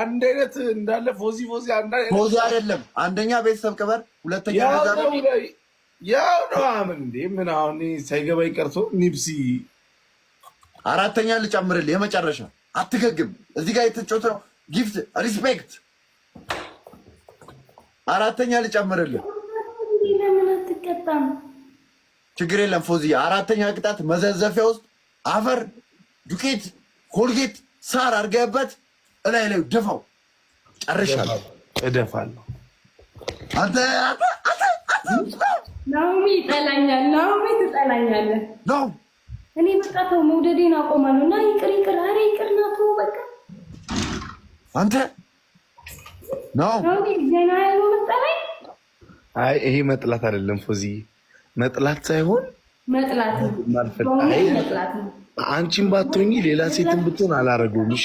አንድ አይነት እንዳለ ፎዚ ፎዚ ፎዚ አይደለም። አንደኛ ቤተሰብ ቅበር፣ ሁለተኛ ያው ነው። አምን እንዴ ምን አሁን ሳይገባኝ ቀርቶ ኒፕሲ አራተኛ ልጨምርልህ። የመጨረሻ አትገግም። እዚህ ጋር የተጮት ነው ጊፍት ሪስፔክት። አራተኛ ልጨምርልህ። ችግር የለም ፎዚ። አራተኛ ቅጣት መዘዘፊያ ውስጥ አፈር ዱቄት ኮልጌት ሳር አድርገህበት እላይ ላይ ደፋው። ጨርሻለሁ፣ እደፋለሁ። አንተ ናኦሚ ይጠላኛል፣ ናኦሚ ትጠላኛለህ። እኔ በቃ ተው፣ መውደዴን አቆማለሁ። እና ይቅር ይቅር፣ ኧረ ይቅር ና ተው፣ በቃ አንተ ነው አይ ይሄ መጥላት አይደለም ፎዚ፣ መጥላት ሳይሆን መጥላት፣ አንቺም ባትሆኚ ሌላ ሴትን ብትሆን አላረገውም። እሺ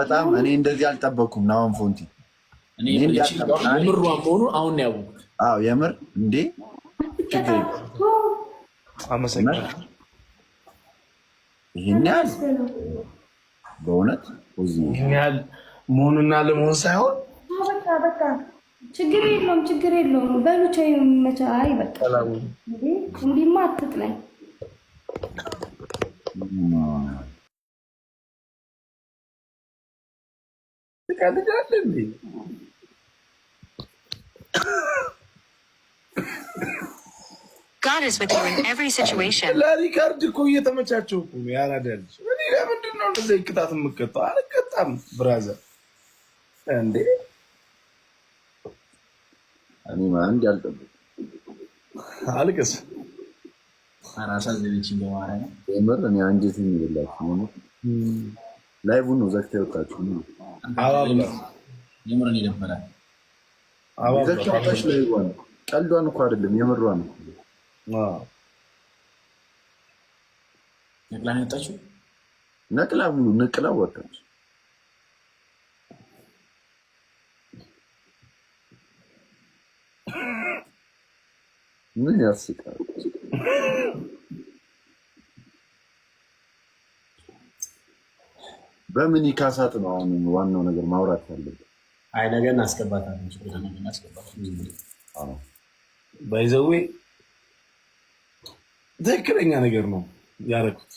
በጣም እኔ እንደዚህ አልጠበኩም። ናሆም ፎንቲ የምር እንዴ ችግር ይህን ያህል በእውነት ይህን ያህል መሆኑና ለመሆን ሳይሆን ችግር የለውም፣ ችግር የለውም። መቻ እንዲህማ ትቀልዳለህ እንዴ? ለሪካርድ እኮ እየተመቻቸው እኮ ነው ያራዳልሽ። እኔ ለምንድን ነው እንደዚህ ቅጣት የምቀጣው? አልቀጣም ብራዘር እንዴ። እኔ አንድ አልጠብቅም። አልቅስ አሳዘነችኝ። በማርያም የምር እኔ አንጀቴን ይበላችሁ። ላይቡን ነው ዘግታ የወጣችሁ የምርን ይደበራል። ዘቻታሽ ላይ ቀልዷን እኮ አይደለም የምሯ ነው። ነቅላ ነው ነቅላ ሙሉ ነቅላ ወጣች። ምን ያስቃል? በምን ይካሳት ነው አሁን ዋናው ነገር ማውራት ያለብን። አይ ነገ እናስገባታለን። ባይዘዌ ትክክለኛ ነገር ነው ያደረኩት።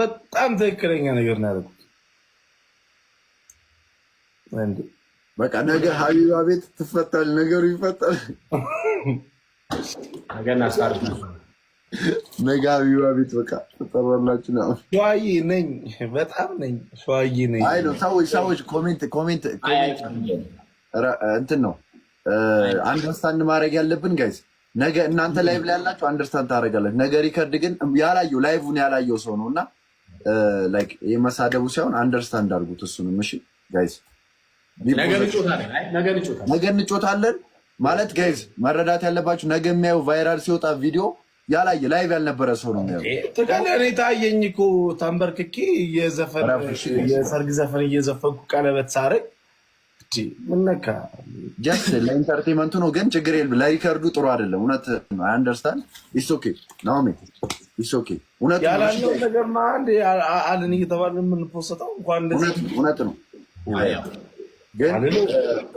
በጣም ትክክለኛ ነገር ነው ያደረኩት። በቃ ነገ ሀቢባ ቤት ትፈታል፣ ነገሩ ይፈታል። ነገ እናስታርቅ ነበር ነጋቢዋ ቤት በቃ ተጠራላችሁ ነው። ሸዋዬ ነኝ፣ በጣም ነኝ፣ ሸዋዬ ነኝ። አይ ነው ሰዎች ሰዎች ኮሜንት ኮሜንት እንትን ነው አንደርስታንድ ማድረግ ያለብን ጋይዝ ነገ እናንተ ላይቭ ላይ ያላችሁ አንደርስታንድ ታደርጋላችሁ። ነገ ሪከርድ ግን ያላየው ላይቭን ያላየው ሰው ነው እና የመሳደቡ ሳይሆን አንደርስታንድ አድርጉት እሱንም። እሺ ጋይዝ ነገ እንጮታለን ማለት ጋይዝ መረዳት ያለባችሁ ነገ የሚያዩ ቫይራል ሲወጣ ቪዲዮ ያላየ ላይቭ ያልነበረ ሰው ነው የሚያውቀው። እኔ ታየኝ እኮ ታንበርክኬ የሰርግ ዘፈን እየዘፈንኩ ቀለበት ሳረግ ምነካ ጀስት ለኢንተርቴንመንቱ ነው። ግን ችግር የለም ለሪከርዱ ጥሩ አይደለም። እውነት አንደርስታንድ ኢስ ኦኬ ናሚ ኢስ ኦኬ እውነት ያላለው ነገር ማ አንድ አልን እየተባለ የምንፖሰተው እውነት ነው። ግን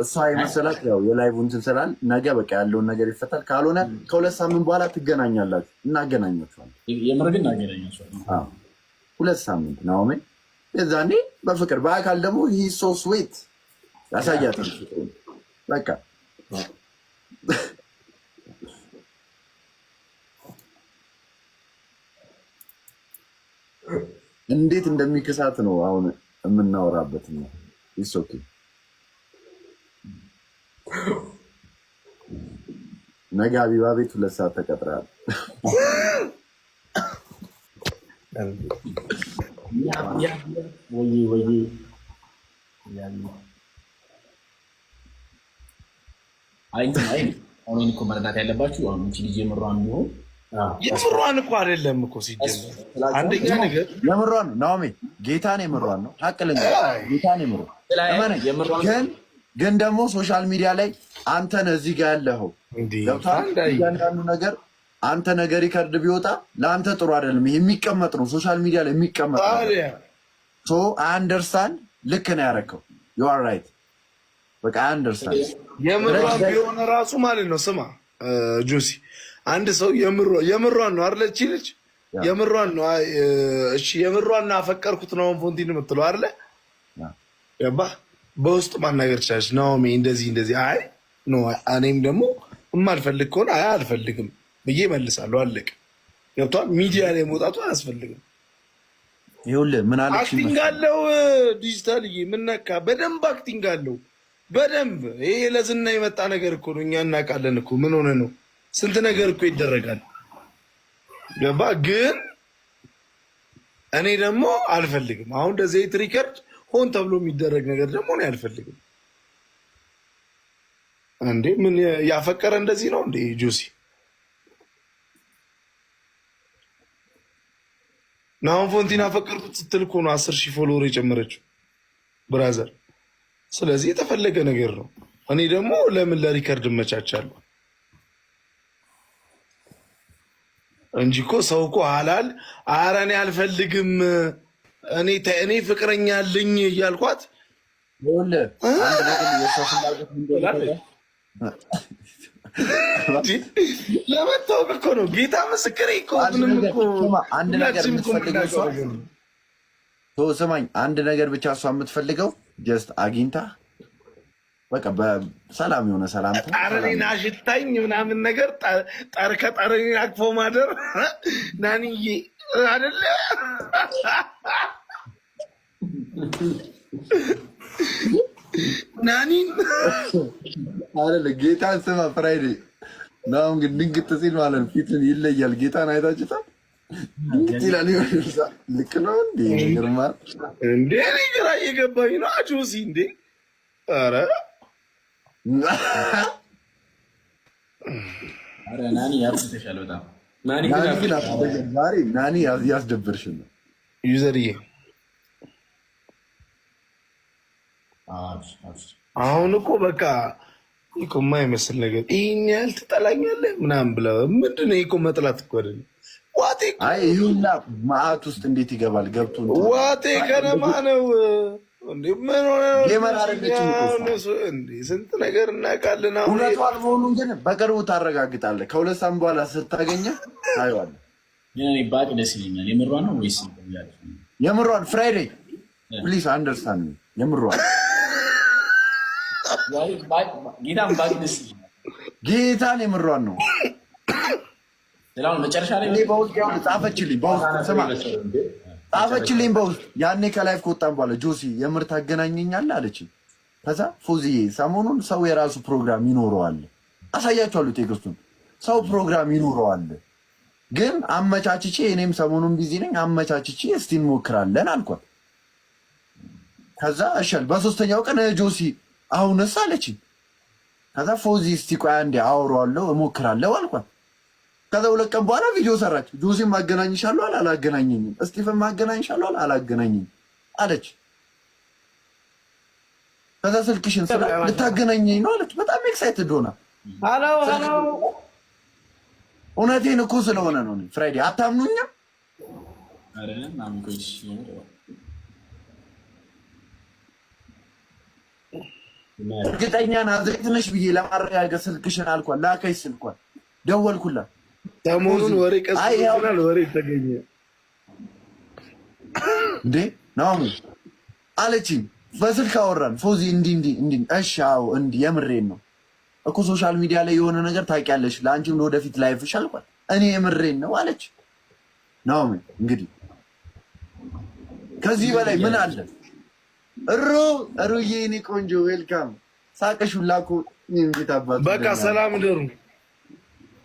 እሷ የመሰላት ያው የላይቭ እንትን ስላል ነገ በቃ ያለውን ነገር ይፈታል። ካልሆነ ከሁለት ሳምንት በኋላ ትገናኛላችሁ፣ እናገናኛችኋል። የምር ግን እናገናኛችኋል። ሁለት ሳምንት ነው አሁን የዛኔ በፍቅር በአካል ደግሞ ይህ ሶ ስዊት ያሳያታል። በቃ እንዴት እንደሚክሳት ነው አሁን የምናወራበት ነው። ኢትስ ኦኬ ነገ አቢባ ቤት ሁለት ሰዓት ተቀጥረሃል። አሁን እኮ መረዳት ያለባችሁ አሁን እቺ ልጅ የምሯን ቢሆን የምሯን እኮ አይደለም እኮ ሲጀምር የምሯን ነው ናሜ ጌታን የምሯን ነው ሀቅ ልንገርህ ጌታን የምሯን ግን ግን ደግሞ ሶሻል ሚዲያ ላይ አንተ ነህ እዚህ ጋር ያለኸው። እያንዳንዱ ነገር አንተ ነገር ይከርድ ቢወጣ ለአንተ ጥሩ አይደለም። ይሄ የሚቀመጥ ነው፣ ሶሻል ሚዲያ ላይ የሚቀመጥ ነው። አንደርስታንድ ልክ ነው ያደረከው። ዩ አር ራይት። በቃ አንደርስታንድ የምሯን ቢሆን ራሱ ማለት ነው። ስማ ጁሲ፣ አንድ ሰው የምሯን ነው አይደለ? እቺ ልጅ የምሯን ነው። እሺ የምሯን አፈቀርኩት ነው ፎንቲን የምትለው አለ ገባህ በውስጥ ማናገር ትችላለች። ናኦሚ እንደዚህ እንደዚህ፣ አይ ኖ እኔም ደግሞ የማልፈልግ ከሆነ አይ አልፈልግም ብዬ መልሳለሁ። አለቅ ገብቷል። ሚዲያ ላይ መውጣቱ አያስፈልግም። ይኸውልህ ምን አለ አክቲንግ አለው ዲጂታልዬ፣ ምነካ በደንብ አክቲንግ አለው በደንብ ይሄ ለዝና የመጣ ነገር እኮ ነው። እኛ እናውቃለን እኮ ምን ሆነ ነው ስንት ነገር እኮ ይደረጋል። ገባ ግን እኔ ደግሞ አልፈልግም። አሁን እንደዚህ ትሪከርድ ሆን ተብሎ የሚደረግ ነገር ደግሞ እኔ አልፈልግም። እንዴ ምን ያፈቀረ እንደዚህ ነው እንዴ? ጁሲ ናሁን ፎንቲን አፈቀርኩት ስትል እኮ ነው አስር ሺህ ፎሎወር የጨመረችው ብራዘር። ስለዚህ የተፈለገ ነገር ነው። እኔ ደግሞ ለምን ለሪከርድ እመቻቻለሁ እንጂ እኮ ሰው እኮ ሀላል አረ እኔ አልፈልግም እኔ እኔ ፍቅረኛ ልኝ እያልኳት ለመታወቅ እኮ ነው። ጌታ ምስክሬ እኮ አንድ ነገር ስማኝ፣ አንድ ነገር ብቻ እሷ የምትፈልገው ጀስት አግኝታ በቃ በሰላም የሆነ ሰላም ጠረኔን አሽታኝ ምናምን ነገር ጠርከ ከጠረኔን አቅፎ ማደር ናንዬ አይደለ? ናኒን አይደለ? ጌታን ስማ፣ ፍራይዴ ናሁን ግን ድንግጥ ሲል ማለት ነው ፊትን ይለያል። ጌታን አይታችሁታል? ልክ ነው እንዴ? ግርማ እንዴ! ግራ እየገባኝ ነው። አጆሲ እንዴ! ኧረ ኧረ ናኒ ያርፍተሻል በጣም ናኒ ያስደብርሽን ነው ዩዘርዬ። አሁን እኮ በቃ እኮ የማይመስል ነገር ይህን ያህል ትጠላኛለህ ምናምን ብለህ ምንድን ነው እኮ መጥላት እኮ ዋቴ ይሁና ውስጥ እንዴት ይገባል? ገብቶ ዋቴ ከነማ ነው ስንት ነገር እናውቃለን። እውነቷን መሆኑን ግን በቅርቡ ታረጋግጣለህ። ከሁለት ሳምንት በኋላ ስታገኘ ታየዋለህ። ባቅ ደስ ይለኛል። የምሯን ነው ወይስ የምሯን? ፍራይዴ ፕሊዝ አንደርስታንድ የምሯን ጌታን የምሯን ነው። መጨረሻ ላይ በውስጥ ጻፈችልኝ። በውስጥ ስማ ጻፈችልኝ በውስጥ ያኔ ከላይፍ ከወጣን በኋላ ጆሲ የምር ታገናኘኛለህ አለችኝ። ከዛ ፎዝዬ ሰሞኑን ሰው የራሱ ፕሮግራም ይኖረዋል፣ አሳያችኋለሁ ቴክስቱን። ሰው ፕሮግራም ይኖረዋል፣ ግን አመቻችቼ እኔም ሰሞኑን ቢዚ ነኝ፣ አመቻችቼ እስቲ እንሞክራለን አልኳት። ከዛ እሻል በሶስተኛው ቀን ጆሲ አሁንስ አለችኝ። ከዛ ፎዚ እስቲ ቆይ አንዴ አወራዋለሁ እሞክራለሁ አልኳት። ከዛ ሁለት ቀን በኋላ ቪዲዮ ሰራች። ጆሲን ማገናኝሻለሁ አለ አላገናኘኝም። እስጢፈን ማገናኝሻለሁ አለ አላገናኘኝም አለች። ከዛ ስልክሽን ልታገናኘኝ ነው አለች። በጣም ኤክሳይትድ ሆና እውነቴን እኮ ስለሆነ ነው። ፍራይዴ አታምኑኝም? እርግጠኛ ናዝሬት ነሽ ብዬ ለማረጋገጥ ስልክሽን አልኳል። ላከሽ ስልኳል። ደወልኩላት ሰሞኑን ወሬ ቀስናል። ወሬ ተገኘ እንዴ ነው አለችኝ። በስልክ አወራን። ፎዚ እንዲ እንዲ እንዲ እሺ አዎ እንዲህ የምሬን ነው እኮ ሶሻል ሚዲያ ላይ የሆነ ነገር ታውቂያለሽ፣ ለአንቺም ለወደፊት ላይፍሽ አልኳት። እኔ የምሬን ነው አለች። ነው እንግዲህ ከዚህ በላይ ምን አለ? እሩ እሩዬ፣ እኔ ቆንጆ ዌልካም። ሳቀሽ ሁላ እኮ በቃ ሰላም ደሩ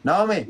哪没。